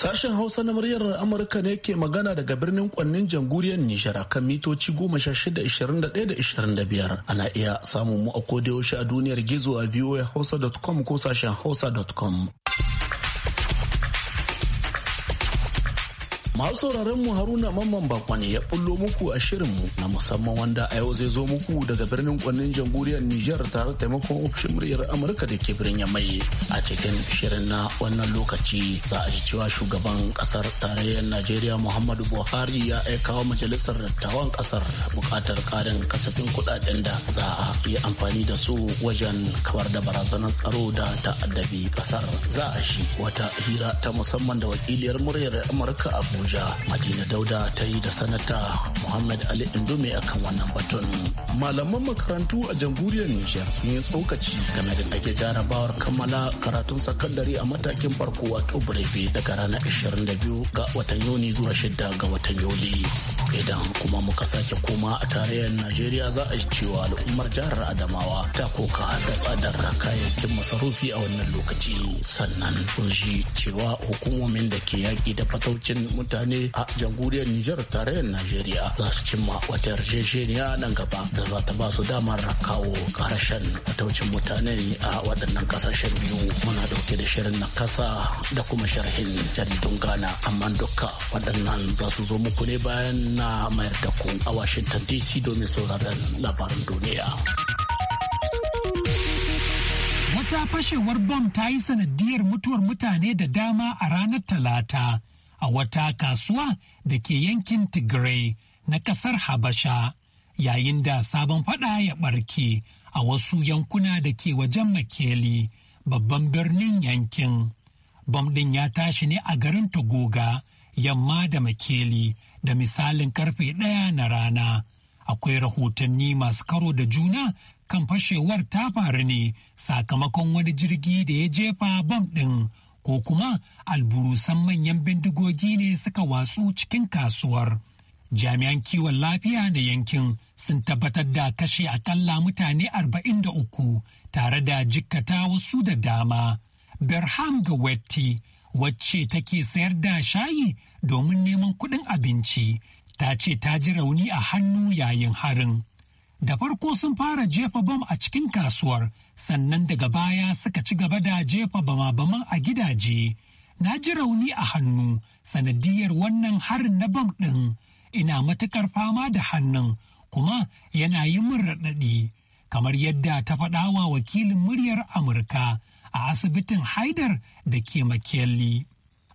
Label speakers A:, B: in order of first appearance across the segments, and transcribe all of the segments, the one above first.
A: Sashen Hausa na muryar Amurka ne ke magana daga birnin kwannin jamhuriyar Nijar kan mitoci 16-21-25. Ana iya samun mu a kodayaushe a duniyar gizo a voahausa.com ko sashen hausa.com. Masu sauraron mu Haruna Mamman ne ya bullo muku a shirin mu na musamman wanda a yau zai zo muku daga birnin kwannin jamhuriyar Nijar tare da taimakon ofishin muryar Amurka da ke birnin mai a cikin shirin na wannan lokaci za a ji cewa shugaban kasar tarayyar Najeriya Muhammadu Buhari ya aika wa majalisar dattawan kasar bukatar karin kasafin kudaden da za a yi amfani da su wajen kawar da barazanar tsaro da ta'addabi kasar za a shi wata hira ta musamman da wakiliyar muryar Amurka Abuja Abuja. Madina Dauda ta yi da sanata Muhammad Ali Indume kan wannan batun. Malaman makarantu a jamhuriyar Nijar sun yi tsokaci game da ɗage jarabawar kammala karatun sakandare a matakin farko wato birebe daga ranar 22 ga watan Yuni zuwa 6 ga watan Yuli. idan kuma muka sake koma a tarayyar najeriya za a yi cewa al'ummar jihar adamawa ta koka da tsadar kayayyakin masarufi a wannan lokaci sannan sun cewa hukumomin da ke yaƙi da fataucin mutane a jamhuriyar nijar tarayyar najeriya za su cimma wata yarjejeniya nan gaba da za ta ba su damar kawo karashen fataucin mutane a waɗannan ƙasashen biyu muna ɗauke da shirin na kasa da kuma sharhin jaridun ghana amma dukka waɗannan za su zo muku ne bayan na mayar da ku a Washington DC domin sauraron labaran duniya.
B: Wata fashewar bom ta yi sanadiyar mutuwar mutane da dama a ranar Talata a wata kasuwa da ke yankin Tigray na kasar Habasha yayin da sabon fada ya barke a wasu yankuna da ke wajen Makeli babban birnin yankin. Bom ɗin ya tashi ne a garin Togoga yamma da Makeli da misalin karfe ɗaya na rana. Akwai rahotanni masu karo da juna kan fashewar ta faru ne sakamakon wani jirgi da ya jefa bom ɗin ko kuma alburusan manyan bindigogi ne suka watsu cikin kasuwar. Jami'an kiwon lafiya na yankin sun tabbatar da kashe akalla mutane arba'in da uku tare da jikkata wasu da dama. Berham Gawetti wacce take sayar da shayi domin neman kuɗin abinci ta ce ta ji rauni a hannu yayin harin. Da farko sun fara jefa bam a cikin kasuwar sannan daga baya suka ci gaba da jefa bama-baman a gidaje. Na ji rauni a hannu sanadiyar wannan harin na bam ɗin ina matukar fama da hannun kuma yana yi min raɗaɗi kamar yadda ta faɗawa wakilin muryar Amurka. a asibitin haidar da ke makelli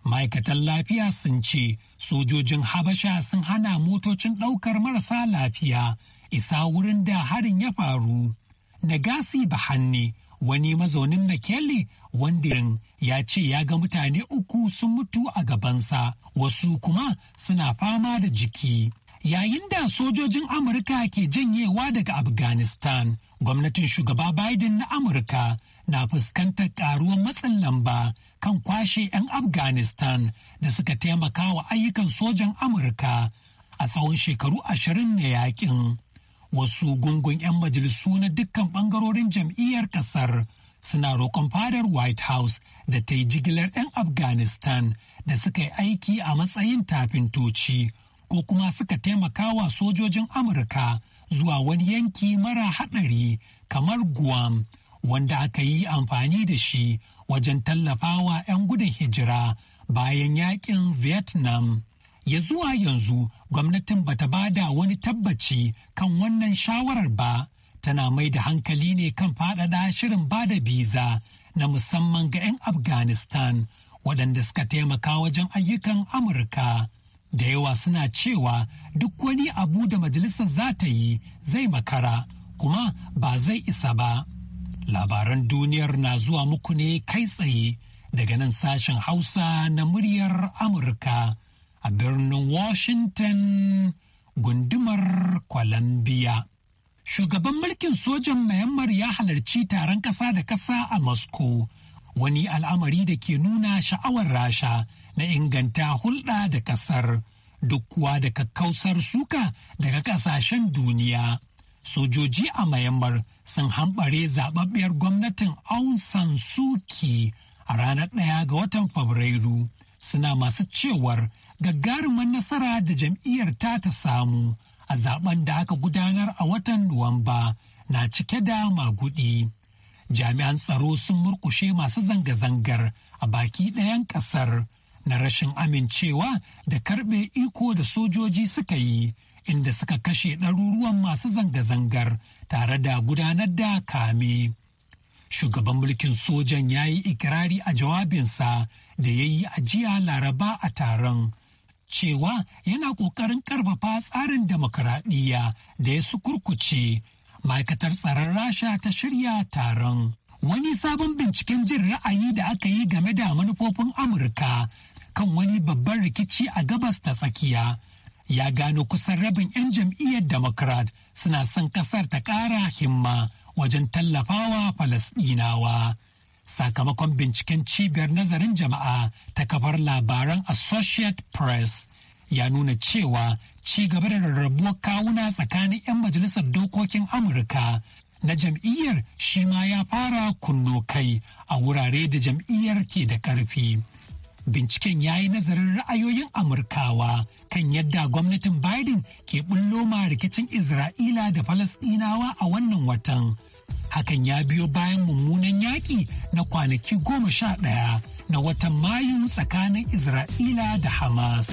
B: ma'aikatan lafiya sun ce sojojin habasha sun hana motocin ɗaukar marasa lafiya isa wurin da harin ya faru nagasi bahanne wani mazaunin makelli wanda ya ce ya ga mutane uku sun mutu a gabansa wasu kuma suna fama da jiki yayin da sojojin amurka ke janyewa daga afghanistan gwamnatin shugaba biden na amurka na fuskantar ƙaruwar matsin lamba kan kwashe 'yan afghanistan da suka taimaka wa ayyukan sojan amurka a tsawon shekaru ashirin na yakin wasu gungun 'yan majalisu na dukkan bangarorin jam'iyyar kasar suna roƙon fadar white house da ta yi jigilar 'yan afghanistan da suka yi aiki a matsayin tafintoci ko kuma suka taimaka wa sojojin amurka zuwa wani yanki mara haɗari kamar guam wanda aka yi amfani da shi wajen tallafawa 'yan gudun hijira bayan yakin vietnam ya zuwa yanzu gwamnatin bata bada wani tabbaci kan wannan shawarar ba tana mai da hankali ne kan faɗaɗa shirin bada biza na musamman ga 'yan afghanistan waɗanda suka taimaka wajen ayyukan amurka da yawa suna cewa duk wani abu da majalisar za ta yi zai makara kuma ba zai isa ba. Labaran duniyar na zuwa muku ne kai tsaye daga nan sashen Hausa na muryar Amurka a birnin Washington gundumar Columbia. Shugaban mulkin sojan mayammar ya halarci taron ƙasa da ƙasa a Moscow, wani al'amari da ke nuna sha'awar Rasha na inganta hulɗa da ƙasar, duk kuwa da kakkausar suka daga ƙasashen duniya. sojoji a Mayammar sun hambare zababbiyar gwamnatin Aung San Suu Kyi a ranar ɗaya ga watan Fabrairu suna masu cewar gagarumin nasara da jam'iyyar ta ta samu a zaben da aka gudanar a watan Nuwamba na cike da magudi. Jami'an tsaro sun murkushe masu zanga-zangar a baki ɗayan ƙasar na rashin amincewa da karɓe iko da sojoji suka yi inda suka kashe ɗaruruwan masu zanga-zangar tare da gudanar da kame. Shugaban mulkin sojan ya yi ikirari a jawabinsa da ya yi ajiya laraba a taron. cewa yana ƙoƙarin ƙarfafa tsarin demokuraɗiyya da ya su kurkuce. ma'aikatar tsaron rasha ta shirya taron wani sabon binciken jin ra'ayi da aka yi game da manufofin amurka kan wani babban rikici a gabas ta tsakiya ya gano kusan rabin 'yan jam'iyyar democrat suna son kasar ta ƙara himma wajen tallafawa falasɗinawa sakamakon binciken cibiyar nazarin jama'a ta kafar labaran associate press ya nuna cewa ci gaba da rarrabuwar kawuna tsakanin 'yan majalisar dokokin amurka na jam'iyyar shi ma ya fara kunno kai a wurare da jam'iyyar ke da ƙarfi. binciken ya yi nazarin ra'ayoyin amurkawa kan yadda gwamnatin biden ke bullo ma rikicin isra'ila da falasdinawa a wannan watan hakan ya biyo bayan mummunan yaƙi na kwanaki goma sha ɗaya na watan mayu tsakanin isra'ila da hamas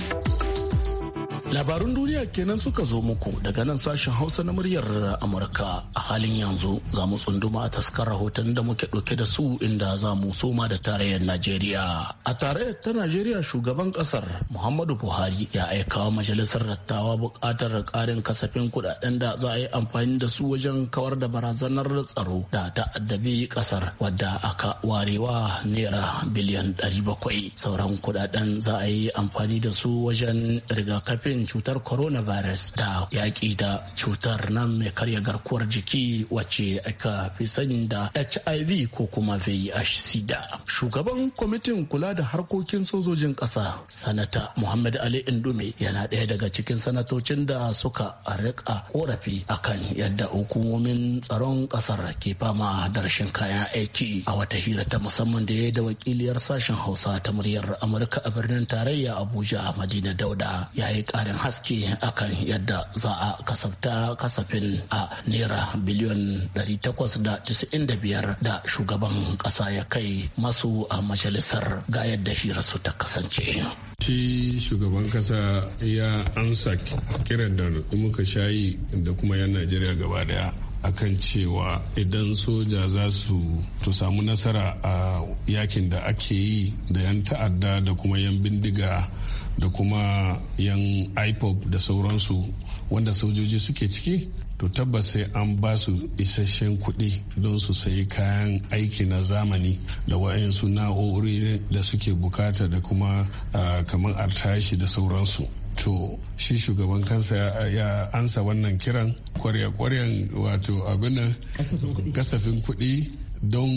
A: Labarun duniya kenan suka zo muku daga nan sashen Hausa na muryar Amurka a halin yanzu za mu tsunduma a taskar rahoton da muke ɗauke da su inda za mu soma da tarayyar Najeriya. A tarayyar ta Najeriya shugaban ƙasar Muhammadu Buhari ya aika wa majalisar dattawa buƙatar ƙarin kasafin kuɗaɗen da za a yi amfani da su wajen kawar da barazanar tsaro da ta'addabi ƙasar wadda aka warewa naira biliyan bakwai sauran kuɗaɗen za a yi amfani da su wajen rigakafin rigakafin cutar coronavirus da yaƙi da cutar nan mai karya garkuwar jiki wacce aka fi sani da hiv ko kuma vih-sida shugaban kwamitin kula da harkokin sojojin ƙasa sanata muhammad ali indume yana ɗaya daga cikin sanatocin da suka rika korafi akan yadda hukumomin tsaron ƙasar ke fama da rashin kayan aiki a wata hira ta musamman da ya da wakiliyar sashen hausa ta muryar amurka a birnin tarayya abuja madina dauda ya yi haske akan yadda za a kasafta kasafin a naira biliyon 895 da shugaban kasa ya kai masu a majalisar ga yadda hirarsu ta kasance. shi
C: shugaban kasa ya ansa kiran da muka shayi da kuma yan najeriya gaba daya akan cewa idan soja za su to samu nasara a yakin da ake yi da yan ta'adda da kuma yan bindiga da kuma yan ipob da sauransu wanda sojoji suke ciki to tabbas sai an ba su isasshen kuɗi don su sayi kayan aiki na zamani da wayansu na'urori da suke bukata da kuma kamar artashi da sauransu to shi shugaban kansa ya ansa wannan kiran kwarya-kwaryan wato abin kasafin kuɗi don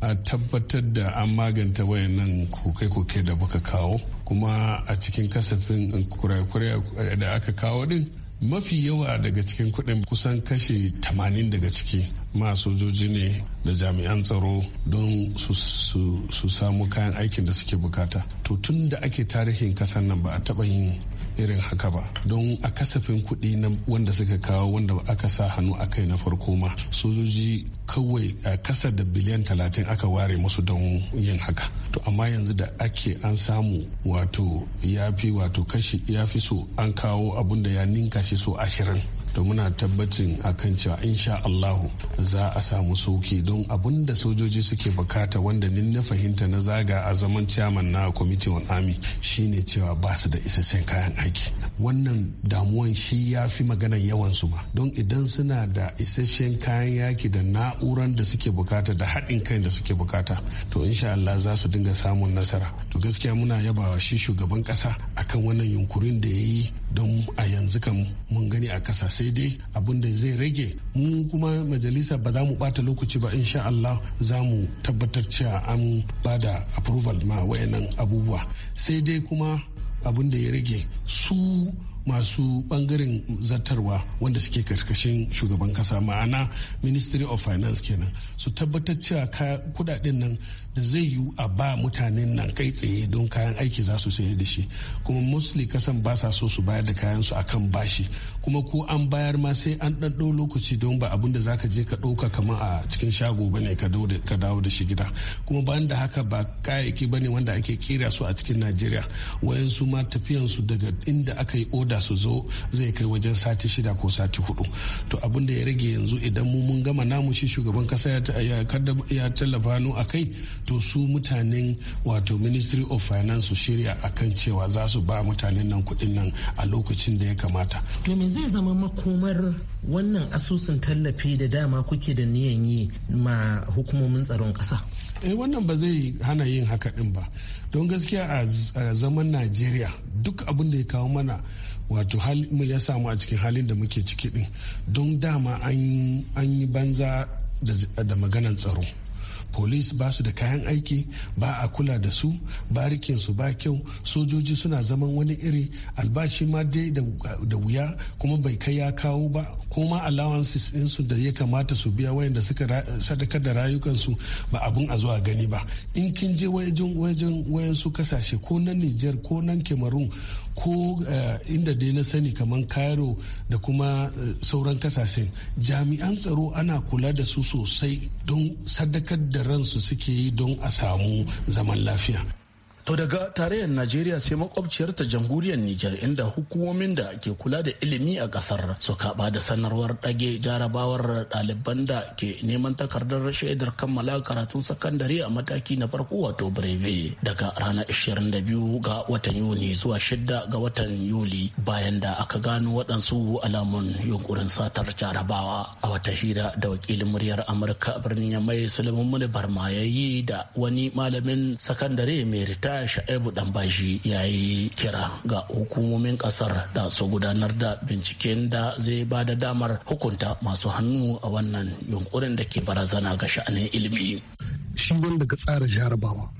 C: a tabbatar da an maganta wayannan koke-koke da baka kawo kuma a cikin kasafin kurakure da aka kawo din mafi yawa daga cikin kuɗin kusan kashe 80 daga ciki ma sojoji ne da jami'an tsaro don su samu kayan aikin da suke bukata to tun da ake tarihin kasan nan ba a taba yin irin haka ba don a kasafin kuɗi na wanda suka kawo wanda aka sa hannu a kai na farko ma sojoji kawai a eh, kasa da biliyan talatin aka ware musu don yin haka to amma yanzu da ake an samu wato ya fi wato kashi ya fi so an kawo abun da ya ninka shi so ashirin da muna tabbacin akan cewa insha Allahu za a samu sauki don abun da sojoji suke bukata wanda ni na fahimta na zaga a zaman ciyaman na kwamitin on army shine cewa ba su da isasshen kayan aiki wannan damuwan shi ya fi maganan yawan su ma don idan suna da isasshen kayan yaki da na'uran da suke bukata da haɗin kai da suke bukata to insha Allah za su dinga samun nasara to gaskiya muna yabawa shi shugaban ƙasa akan wannan yunkurin da ya yi don a yanzu kam mun gani a kasa sai dai abin da zai rage mu kuma majalisa ba za mu bata lokaci ba insha Allah za mu tabbatar cewa an ba da approval ma wayannan abubuwa sai dai kuma abin da ya rage su masu bangaren zartarwa wanda suke karkashin shugaban kasa ma'ana ministry of finance kenan su tabbatar cewa kudaden nan da zai yi a ba mutanen nan kai tsaye don kayan aiki za su sayar da shi kuma mostly kasan ba sa so su bayar da kayan su akan bashi kuma ko an bayar ma sai an dan lokaci don ba abun da zaka je ka ɗauka kamar a cikin shago bane ka dawo da shi gida kuma ban da haka ba kayayyaki bane wanda ake kira su a cikin Najeriya wayansu ma tafiyan su daga inda aka yi oda su zo zai kai wajen sati shida ko sati hudu to abun da ya rage yanzu idan mu mun gama namu shi shugaban kasa ya tallafa nu a kai to su mutanen wato ministry of finance su shirya akan cewa za su ba mutanen nan kuɗin nan a lokacin da ya kamata
A: to zai zama makomar wannan
C: asusun tallafi da dama kuke da niyan yi ma hukumomin tsaron ƙasa eh wannan ba zai hana yin haka din ba don gaskiya a zaman najeriya duk abin da ya kawo mana wato ya samu a cikin halin da muke ciki din don dama an yi banza da maganan tsaro police ba su da kayan aiki ba a kula da su barikin su ba kyau sojoji suna zaman wani iri albashi ma dai da wuya kuma bai kai ya kawo ba kuma allowances ɗinsu da ya kamata su biya wayanda suka sadakar da rayukansu ba abun a zuwa gani ba in kin je wajen wajen su kasashe ko na niger ko nan cameroon ko eh, inda dai na sani kamar cairo da kuma eh, sauran kasashen jami'an tsaro ana kula da su sosai don sadakar da ransu suke yi
A: don a samu zaman lafiya To daga tarayyar Najeriya sai makwabciyar ta jamhuriyar Nijar inda hukumomin da ke kula da ilimi a kasar suka da sanarwar ɗage jarabawar ɗaliban da ke neman takardar shaidar kammala karatun sakandare a mataki na farko wato breve daga ranar 22 ga watan Yuni zuwa 6 ga watan Yuli bayan da aka gano waɗansu alamun yunkurin satar jarabawa a wata hira da wakilin muryar Amurka birnin Yamai Suleiman Muni ma ya yi da wani malamin sakandare mai ritaya Abdullahi Sha'ibu Dambashi ya yi kira ga hukumomin kasar da su gudanar da binciken da zai ba da damar hukunta masu hannu a wannan yunkurin da ke barazana ga sha'anin ilimi. Shi wanda
D: ka tsara jarabawa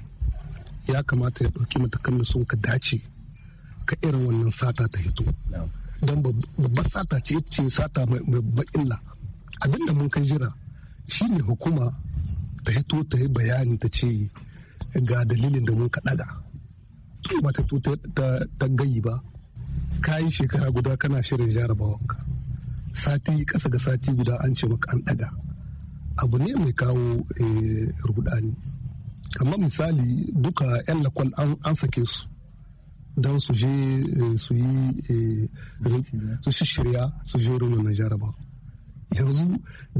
D: ya kamata ya ɗauki matakan da sun ka dace ka irin wannan sata ta hito. Don babbar sata ce ce sata mai illa. abinda mun kai jira shi ne hukuma ta hito ta yi bayani ta ce ga dalilin da mun ka ɗaga ba ta ta gayi ba yi shekara guda kana shirin jarabawanka sati ƙasa ga sati guda an ce maka an ɗaga abu ne mai kawo eh, rudani kamar misali duka 'yan lakwal an sake su don su je eh, su yi eh, su shirya su je na jaraba yanzu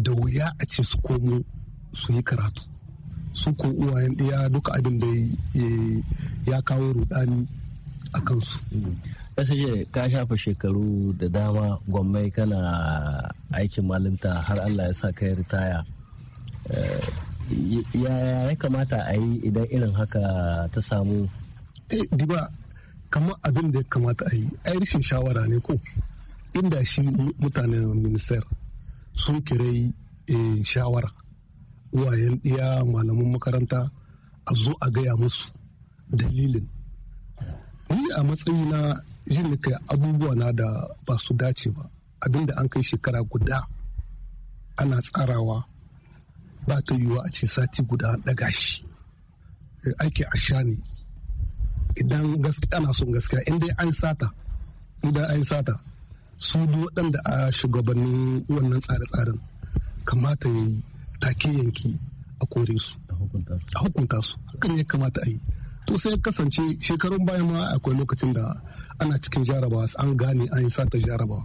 D: da wuya a ce su komo su yi karatu su ko uwayen ɗaya duka abin da ya kawo rudani a kansu.
E: kasashe ka shafa shekaru da dama gwammai kana aikin malinta har allah ya sa kai ritaya yaya eh, ya kamata
D: a yi idan irin haka ta samu eh, diba kamar abin da ya kamata a yi a rashin shawara ne ko inda shi mutanen minister sun kirai eh, shawara uwayen iya malaman makaranta a zo a gaya musu dalilin ni a matsayina jin kai abubuwa na da ba su dace ba abinda an kai shekara guda ana tsarawa ba ta yiwuwa a ce sati guda daga shi eh, aiki a sha ne idan gaskiya ana son gaskiya inda an sata idan an sata su waɗanda a shugabannin wannan tsare-tsaren kamata ya yi take yanki a kore su a hukunta su hakan ya kamata a yi to sai kasance shekarun bayan ma akwai lokacin da ana cikin jarabawa an gane an yi sata jarabawa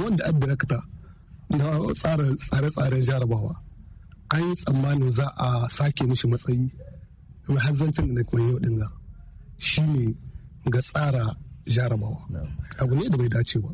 D: wanda adirakta na tsara tsare-tsaren jarabawa an yi tsammanin za a sake mishi matsayi mai hazzancin da na kuma yau dinga shine ga tsara jarabawa abu ne da bai dace ba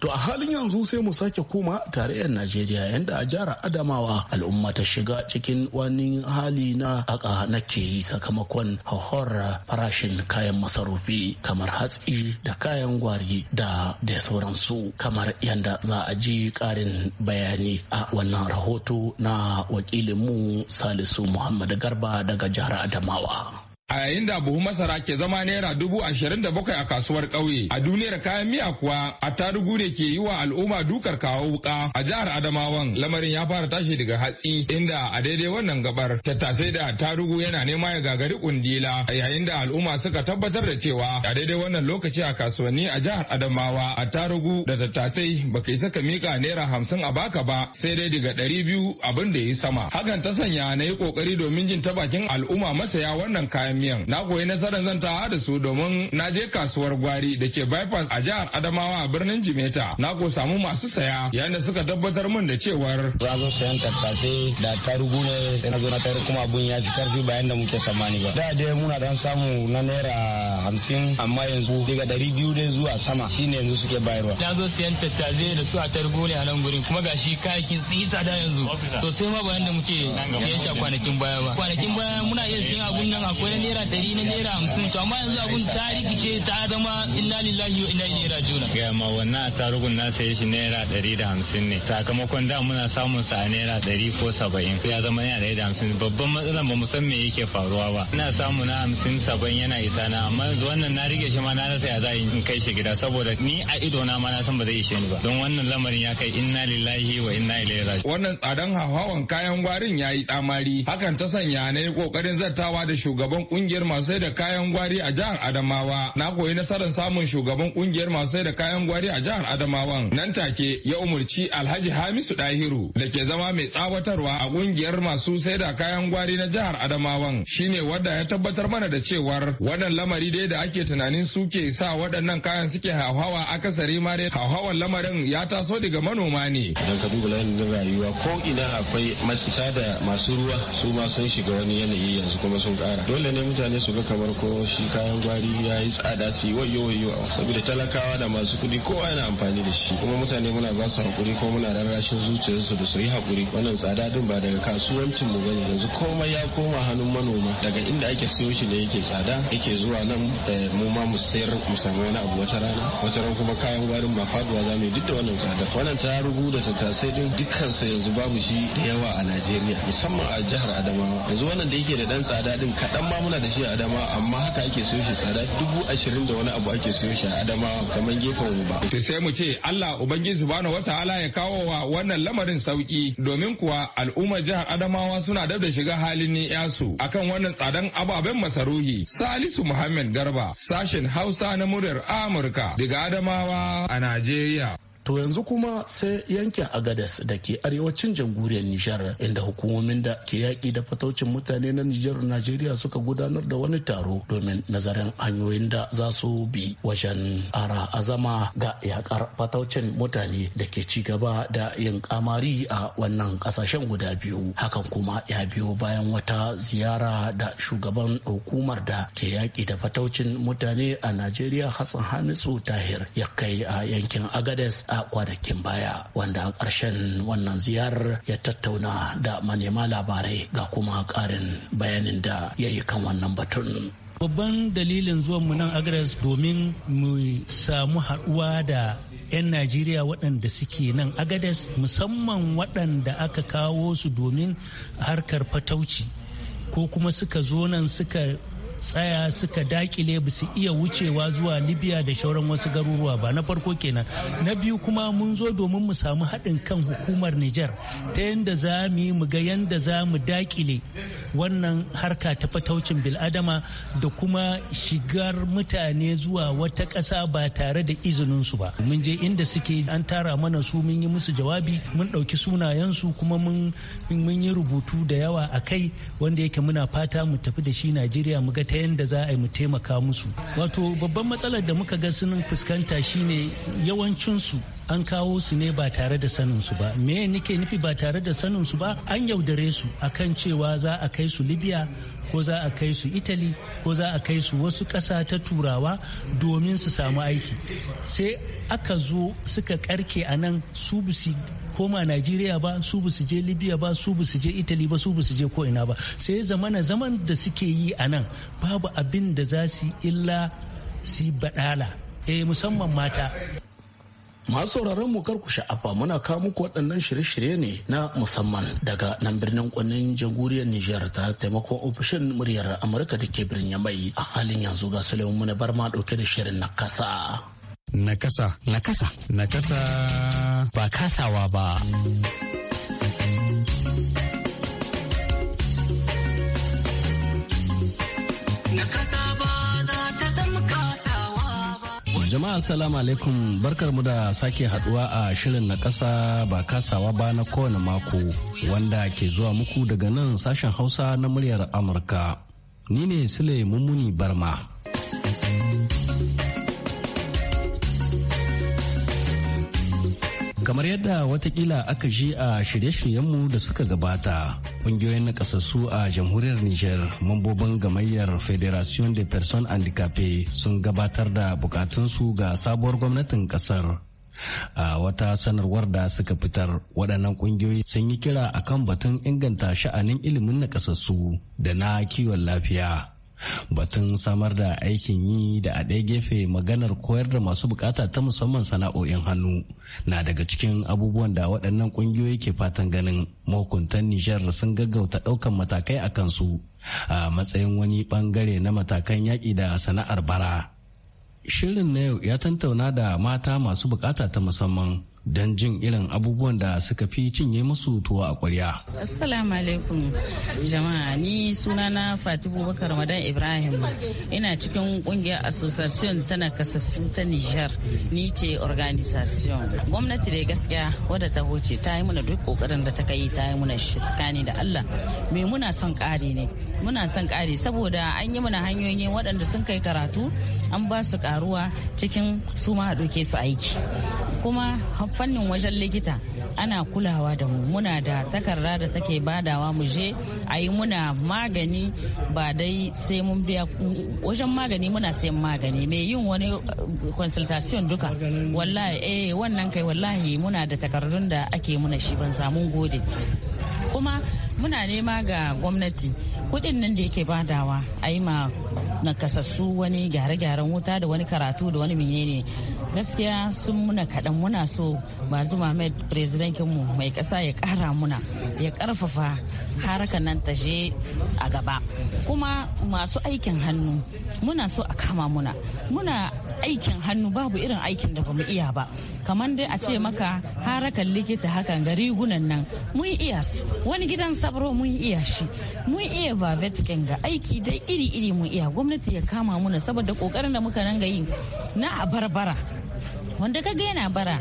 A: To a halin yanzu sai mu sake koma tarayyar Najeriya yadda a jihar Adamawa al'umma ta shiga cikin wani hali na aka nake yi sakamakon hauhawar farashin kayan masarufi kamar hatsi da kayan gwari da da sauransu kamar yadda za a ji karin bayani a wannan rahoto na wakilinmu Salisu Muhammadu Garba daga jihar Adamawa.
F: a yayin da buhu masara ke zama naira dubu ashirin da bakwai a kasuwar ƙauye a duniyar kayan miya kuwa a tarugu ne ke yi wa al'umma dukar kawo wuka a jihar adamawan lamarin ya fara tashi daga hatsi inda a daidai wannan gabar tattasai da tarugu yana nema ya gagari kundila a yayin da al'umma suka tabbatar da cewa a daidai wannan lokaci a kasuwanni a jihar adamawa a tarugu da tattasai baka isa ka mika naira hamsin a baka ba sai dai daga ɗari biyu abin da ya yi sama hakan ta sanya na yi ƙoƙari domin jin ta bakin al'umma masaya wannan kayan miyan na koyi nasarar ta da su domin na je kasuwar gwari da ke bypass a jihar adamawa a birnin jimeta na ko samu masu saya yayin da suka tabbatar
G: min da cewar za zo sayan tattase da tarugu ne na zo na tayar kuma abun ya fi karfi bayan da muke samani ba da dai muna dan samu na naira hamsin amma yanzu daga dari biyu ne zuwa sama shine yanzu suke bayarwa
F: na zo sayan tattase da su a tarugu ne a nan gurin kuma gashi kayakin sun yi da yanzu sosai ma bayan da muke sayan shi a kwanakin baya ba kwanakin baya muna iya sayan abun nan akwai naira ɗari na naira hamsin to amma yanzu abun ta rikice ta zama
H: inna lillahi wa inna ilaihi
F: rajiun ga ma wannan tarugun na saye shi naira ɗari da hamsin ne sakamakon da muna samun sa a naira ɗari ko saba'in ya zama naira ɗari da hamsin babban matsalan ba mu san me yake faruwa ba ina samu na hamsin saba'in yana isa na amma yanzu wannan na rike shi ma na rasa ya za in kai shi gida saboda ni a ido na ma na san ba zai ishe ni ba don wannan lamarin ya kai inna lillahi wa inna ilaihi rajiun wannan tsadan hawan kayan gwarin ya yi tsamari hakan ta sanya na yi kokarin zartawa da shugaban kungiyar masu sai da kayan gwari a jihar Adamawa na koyi nasarar samun shugaban kungiyar masu sai da kayan gwari a jihar adamawa nan take ya umurci Alhaji Hamisu Dahiru da ke zama mai tsawatarwa a kungiyar masu sai da kayan gwari na jihar adamawa shine wanda ya tabbatar mana da cewar wannan lamari dai da ake tunanin suke sa waɗannan kayan suke hauhawa akasari ma dai hauhawan lamarin ya taso daga manoma ne. Idan ka
C: duba layin rayuwa ko ina akwai
F: masu. da masu ruwa su ma sun shiga wani yanayi
C: yanzu kuma sun ƙara. Dole ne dai mutane su ga kamar ko shi kayan gwari ya yi tsada su yi wayo wayo saboda talakawa da masu kuɗi kowa yana amfani da shi kuma mutane muna ba su hakuri ko muna rarrashin zuciyarsu da su yi hakuri wannan tsada din ba daga kasuwancin mu bane yanzu komai ya koma hannun manoma daga inda ake siyo shi ne yake tsada yake zuwa nan eh, mu ma mu sayar mu samu wani
D: abu wata rana
C: wata rana kuma kayan gwarin ba faduwa za mu yi duk da wannan tsada wannan ta rugu da tattasai din dukkansa yanzu babu shi da yawa a Najeriya musamman a jihar Adamawa yanzu wannan da yake da dan
F: tsada din kaɗan ma muna da shi a adama amma haka ake so shi tsada dubu ashirin da wani abu ake so shi a adama kamar gefen ba. to sai mu ce allah ubangiji subhanahu wataala ya kawo wa wannan lamarin sauki domin kuwa al'ummar jihar adamawa suna dab da shiga halin ni yasu akan wannan tsadan ababen masaruhi salisu muhammad garba sashen hausa na muryar amurka daga adamawa a najeriya. To yanzu kuma sai yankin Agades
A: da ke arewacin jamhuriyar Nijar inda hukumomin da ke yaƙi da fataucin mutane na Nijar Najeriya suka gudanar da wani taro domin nazarin hanyoyin da za su bi wajen ara azama ga yakar fataucin mutane da ke ci gaba da yin kamari a wannan kasashen guda biyu. Hakan kuma ya biyo bayan wata ziyara da shugaban hukumar da ke yaƙi da fataucin mutane a Najeriya Hassan Hamisu Tahir ya kai a yankin Agades a kwanakin baya wanda ƙarshen wannan ziyar ya tattauna da manema labarai ga kuma ƙarin bayanin da ya yi kan wannan batun.
H: Babban dalilin zuwan mu nan Agres domin mu samu haɗuwa da 'yan Najeriya waɗanda suke nan Agades musamman waɗanda aka kawo su domin harkar fatauci ko kuma suka zo nan suka tsaya suka dakile ba su iya wucewa zuwa libya da shauran wasu garuruwa ba na farko kenan na biyu kuma mun zo domin mu samu haɗin kan hukumar niger ta yadda za mu yi mu ga yadda za mu dakile wannan harka ta fataucin biladama da kuma shigar mutane zuwa wata ƙasa ba tare da izinin su ba mun je inda suke an tara mana su mun yi musu jawabi mun ɗauki sunayensu kuma mun yi rubutu da yawa a kai wanda yake muna fata mu tafi da shi najeriya mu ga ta yadda za a yi mu taimaka musu wato babban matsalar da muka ga sun fuskanta shine yawancinsu an kawo su ne ba tare da sanin su ba me nike nufi ba tare da sanin su ba an yaudare su akan cewa za a kai su libya ko za a kai su italy ko za a kai su wasu ƙasa ta turawa domin su samu aiki sai aka zo suka karke a nan su koma najeriya ba su bu su je libya ba su bu su je italy ba su bu su je ko ina ba sai zamana zaman da suke yi a nan babu abin da za su illa su baɗala
A: eh musamman mata Masu sauraron mu ku sha'afa muna kawo muku waɗannan shirye-shirye ne na musamman daga nan birnin kwanin jamhuriyar Nijar ta taimakon ofishin muryar Amurka da ke birnin mai a halin yanzu ga Suleiman Muna Barma maɗauke da shirin na kasa.
E: Na kasa. Na kasa. Na kasa. ba kasawa ba. jama'a salamu alaikum barkar mu da sake haduwa a shirin na kasa ba kasawa ba na kowane mako wanda ke zuwa muku daga nan sashen hausa na muryar amurka ni ne sule mummuni barma kamar yadda watakila aka ji a shirye-shiryenmu da suka gabata ƙungiyoyin ƙasassu a jamhuriyar niger mambobin gamayyar federation de person handicapé sun gabatar da bukatunsu ga sabuwar gwamnatin ƙasar. a wata sanarwar da suka fitar waɗannan ƙungiyoyi sun yi kira akan batun inganta sha'anin ilimin ƙasassu da na kiwon lafiya batun samar da aikin yi da a ɗaya gefe maganar koyar da masu bukata ta musamman sana'o'in hannu na daga cikin abubuwan da waɗannan ƙungiyoyi ke fatan ganin mahukuntan nijar sun gaggauta ɗaukan matakai a kansu a matsayin wani ɓangare na matakan yaƙi da sana'ar bara shirin na yau ya tantauna da mata masu bukata ta musamman don jin irin abubuwan da suka fi cinye musu tuwa a kwarya.
I: Assalamu alaikum jama'a ni sunana na Fatibu Bakar Madan Ibrahim ina cikin kungiyar Association ta nakasassu ta Nijar ni ce organisation. Gwamnati da gaskiya wadda ta huce ta yi muna duk kokarin da ta kai ta yi muna tsakani da Allah me muna son kare ne muna son kare saboda an yi muna hanyoyi waɗanda sun kai karatu an ba su karuwa cikin su ma doke su aiki kuma fannin wajen likita ana kulawa da mu muna da takarda da take badawa mu je a yi muna magani ba dai sai mun biya wajen magani muna sayan magani mai yin wani eh, consultation duka wallahi eh wannan kai wallahi muna da takardun da ake muna shi ban samun gode kuma muna nema ga gwamnati kudin nan da yake badawa a yi ma nakasassu wani gyare-gyaren wuta da wani karatu da wani ne gaskiya sun muna kaɗan muna so bazu Ahmed mu mai ƙasa ya ƙara muna ya ƙarfafa harakan nan tashe a gaba kuma masu aikin hannu muna so a kama muna muna aikin hannu babu irin aikin da bamu iya ba kamar dai a ce maka harakan likita hakan ga rigunan nan mun iya su wani gidan sa sabro mun iya shi mun iya ba vetkin ga aiki dai iri-iri mun iya gwamnati ya kama muna saboda kokarin da muka ranga yi na a barbara wanda kaga yana bara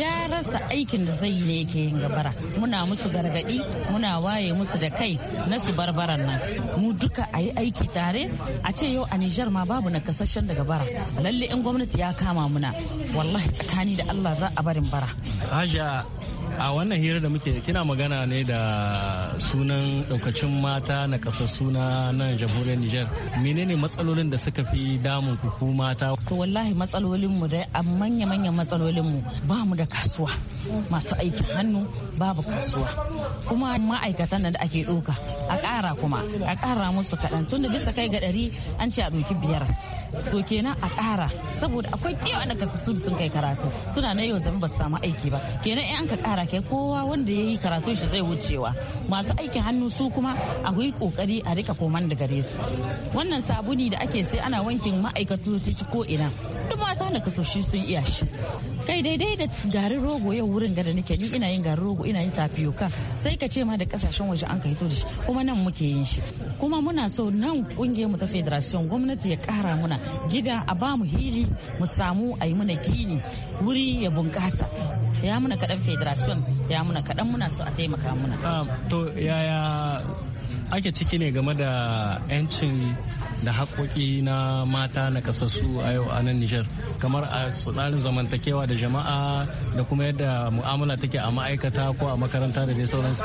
I: ya rasa aikin da zai yi ne yake yin gabara muna musu gargadi muna waye musu da kai na su barbaran nan mu duka a yi aiki tare a ce yau a nijar ma babu na kasashen daga bara lalle in gwamnati ya kama muna wallahi tsakani da allah za a barin bara
E: a wannan hira da muke kina magana ne da sunan daukacin mata na kasar suna nan jamhuriyar Nijar menene matsalolin da suka fi damun ku mata
I: to wallahi matsalolin mu da manya manya matsalolin mu ba mu da kasuwa masu aikin hannu babu kasuwa kuma ma'aikatan nan da ake doka a kara kuma a kara musu kaɗan tunda bisa kai ga ɗari an ce a ɗauki biyar to kenan a kara saboda akwai ɗewa na kasu sun kai karatu suna na yau zama ba su samu aiki ba kenan in an ka kara. kowa wanda ya yi karatun shi zai wucewa masu aikin hannu su kuma a yi kokari a rika koman da gare su wannan sabuni da ake sai ana wankin ma'aikatu ta ko ina duk mata da kasoshi sun iya shi kai daidai da garin rogo yau wurin gada nake ni ina yin garin rogo ina yin tapioca sai ka ce ma da kasashen waje an kaito da shi kuma nan muke yin shi kuma muna so nan kungiyar mu ta federation gwamnati ya kara muna gida a ba mu hili mu samu a yi muna gini wuri ya bunkasa ya muna kaɗan federation ya muna kaɗan muna so a taimaka muna. Ah,
E: to yaya ake ciki ne game da 'yancin da haƙoƙi na mata na kasassu a yau a nan Nijar kamar a tsarin zamantakewa da jama'a da kuma yadda mu'amala take a ma'aikata ko a makaranta da dai sauransu.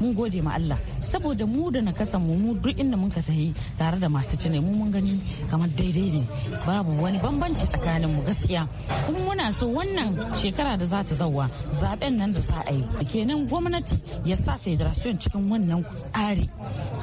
I: Mun gode ma Allah saboda mu da na kasan mu mu duk inda mun ka tafi tare da masu cinai mu mun gani kamar daidai ne babu wani bambanci tsakanin mu gaskiya kuma muna so wannan shekara da za ta zauwa zaben nan da za a yi kenan gwamnati ya sa federation cikin wannan tsari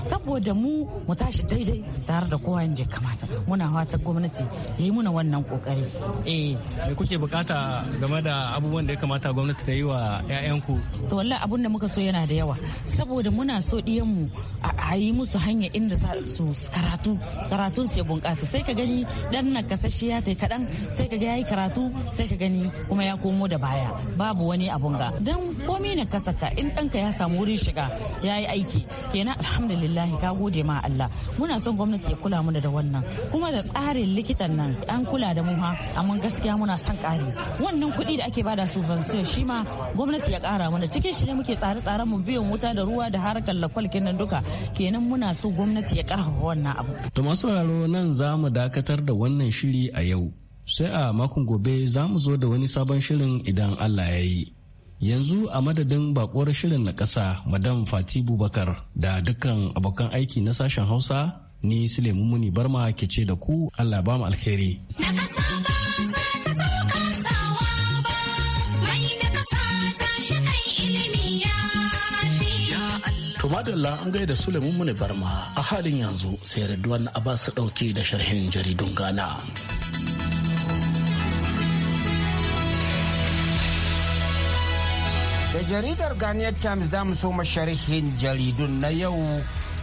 I: saboda mu mu tashi daidai tare da kowa inda kamata muna fatan gwamnati ya yi muna wannan kokari
E: eh me kuke bukata game da abubuwan da ya kamata gwamnati ta yi wa 'ya'yanku
I: to wallahi abun da muka so yana da yawa saboda muna so mu a yi musu hanya inda su karatu karatun su ya bunƙasa sai ka gani dan na kasashe ya tai kaɗan sai ka ga yayi karatu sai ka gani kuma ya komo da baya babu wani abun ga dan komai na kasa ka in ɗanka ya samu wurin shiga ya yi aiki kenan alhamdulillah ka gode ma Allah muna son gwamnati ke kula mu da wannan kuma da tsarin likitan nan an kula da mu ha amma gaskiya muna son ƙari wannan kuɗi da ake bada su subvention shi ma gwamnati ya ƙara mana cikin shi ne muke tsare-tsaren mu biyan wuta da ruwa da harkar lakwal kenan duka kenan muna so gwamnati ya ƙarfafa wannan abu.
E: To masu raro nan za mu dakatar da wannan shiri a yau sai a makon gobe za mu zo da wani sabon shirin idan Allah ya yi. yanzu a madadin bakuwar shirin na ƙasa madam fati bubakar da dukkan abokan aiki na sashen hausa ni Suleiman Muni Barma ke ce da ku Allah ba mu alkhairi.
A: madalla an gaida Suleiman Muni Barma a halin yanzu sai Ridwan Abbas ɗauke da sharhin jaridun Gana.
G: Da jaridar Ghanaian Times za mu so sharhin jaridun na yau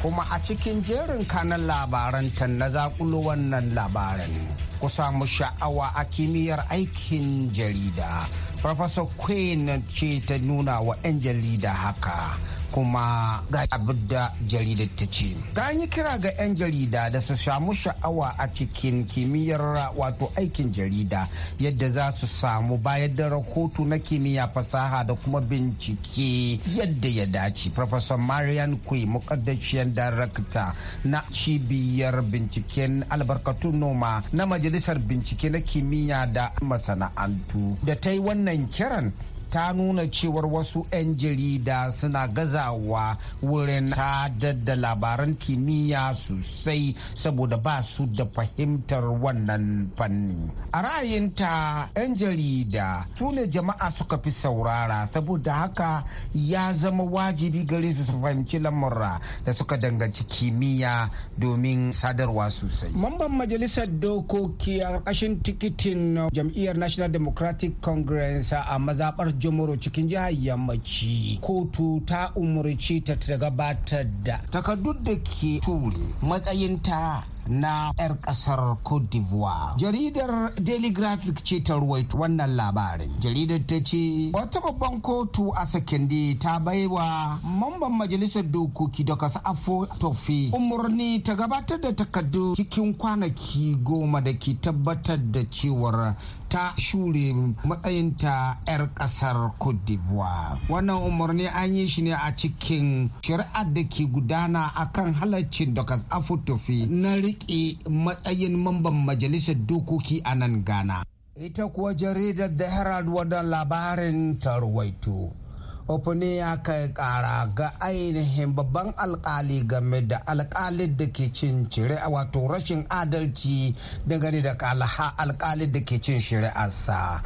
G: kuma a cikin jerin kanan labaranta na zakulo wannan labaran ku samu sha'awa a kimiyyar aikin jarida Farfasa Queen ce ta nuna wa 'yan jarida haka kuma ga abin da jaridar ta ce ta yi kira ga 'yan jarida da su samu sha'awa a cikin kimiyyar wato aikin jarida yadda za su samu bayar da rahoto na kimiyya fasaha da kuma bincike yadda ya dace professor marian kui mukaddashiyar darakta na cibiyar binciken albarkatun noma na majalisar bincike na kimiyya da masana'antu da ta yi wannan kiran ta nuna cewar wasu 'yan jarida suna gazawa wurin hadar da labaran kimiyya sosai saboda ba su da fahimtar wannan fanni. A ra'ayinta 'yan jarida su ne jama'a suka fi saurara saboda haka ya zama wajibi gare su su fahimci lamurra da suka danganci kimiyya domin sadarwa sosai. Mamban majalisar dokoki a ƙashin tikitin jam'iyyar National Democratic Congress a mazaɓar jimuro cikin jihar yammaci kotu ta umarci ta gabatar da takardun da ke tuli matsayinta na 'yar kasar Cote d'Ivoire. Jaridar Daily Graphic ce ta ruwaito wannan labarin. Jaridar ta ce wata babban kotu a sakindi ta baiwa mamban majalisar dokoki da kasa afo tofi umarni ta gabatar da takardu cikin kwanaki goma da ke tabbatar da cewar ta shure matsayinta 'yar kasar Cote d'Ivoire. Wannan umarni an yi shi ne a cikin shari'ar da ke gudana akan halaccin da kasa afo tofi na riƙe matsayin mamban majalisar dokoki a nan Ghana. Ita kuwa jaridar da Herald wadda labarin tarwaito. Ofini ya kai ƙara ga ainihin babban alkali game da alkalin da ke cin shari'a wato rashin adalci dangane da alkali da ke cin shari'arsa.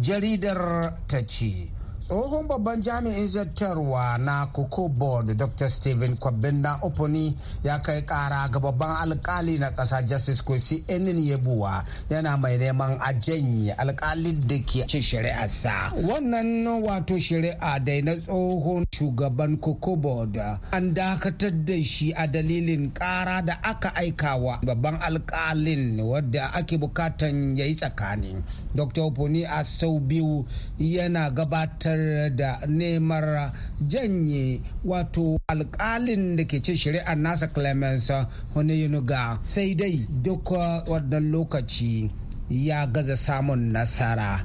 G: Jaridar ta ce. tsohon babban jami'in zartarwa na cocoa board dr stephen kwabin na oponi ya kai kara ga babban alkali na kasa justice kwesi enin yebuwa yana mai neman a janye alkali da ke ce shari'arsa wannan wato shari'a dai na tsohon shugaban cocoa board an dakatar da shi a dalilin kara da aka aikawa babban alkalin wadda ake bukatan ya yi tsakani dr oponi a sau biyu yana gabatar da neman janye wato alkalin da ke ce shari'ar nasa clemens hunayunuga sai dai duk wannan lokaci ya gaza samun nasara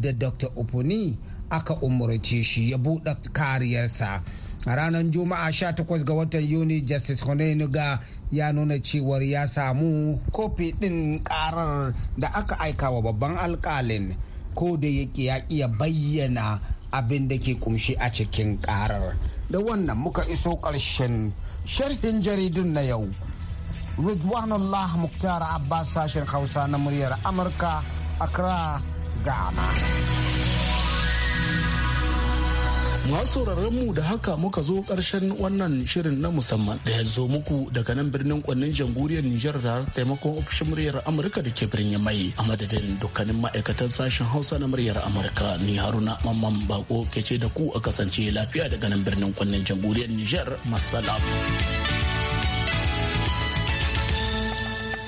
G: da dr upuni aka umarce shi ya buɗe kariyarsa a ranar juma'a 18 ga watan yuni justice hunayunuga ya nuna cewar ya samu kofi ɗin ƙarar da aka aika wa babban alkalin ko da yake ya iya bayyana abin da ke kumshi a cikin karar da wannan muka iso ƙarshen sharhin jaridun na yau ridwanullah muktar abbas sashen hausa na muryar amurka accra ghana
A: Masu mu da haka muka zo karshen wannan shirin na musamman da ya zo muku daga nan birnin kwannin jamhuriyar Nijar da taimakon ofishin muryar Amurka da ke birnin mai a madadin dukkanin ma'aikatan sashen Hausa na muryar Amurka ni Haruna Mamman Bako ke ce da ku a kasance lafiya daga nan birnin kwannin jamhuriyar Nijar. Masala.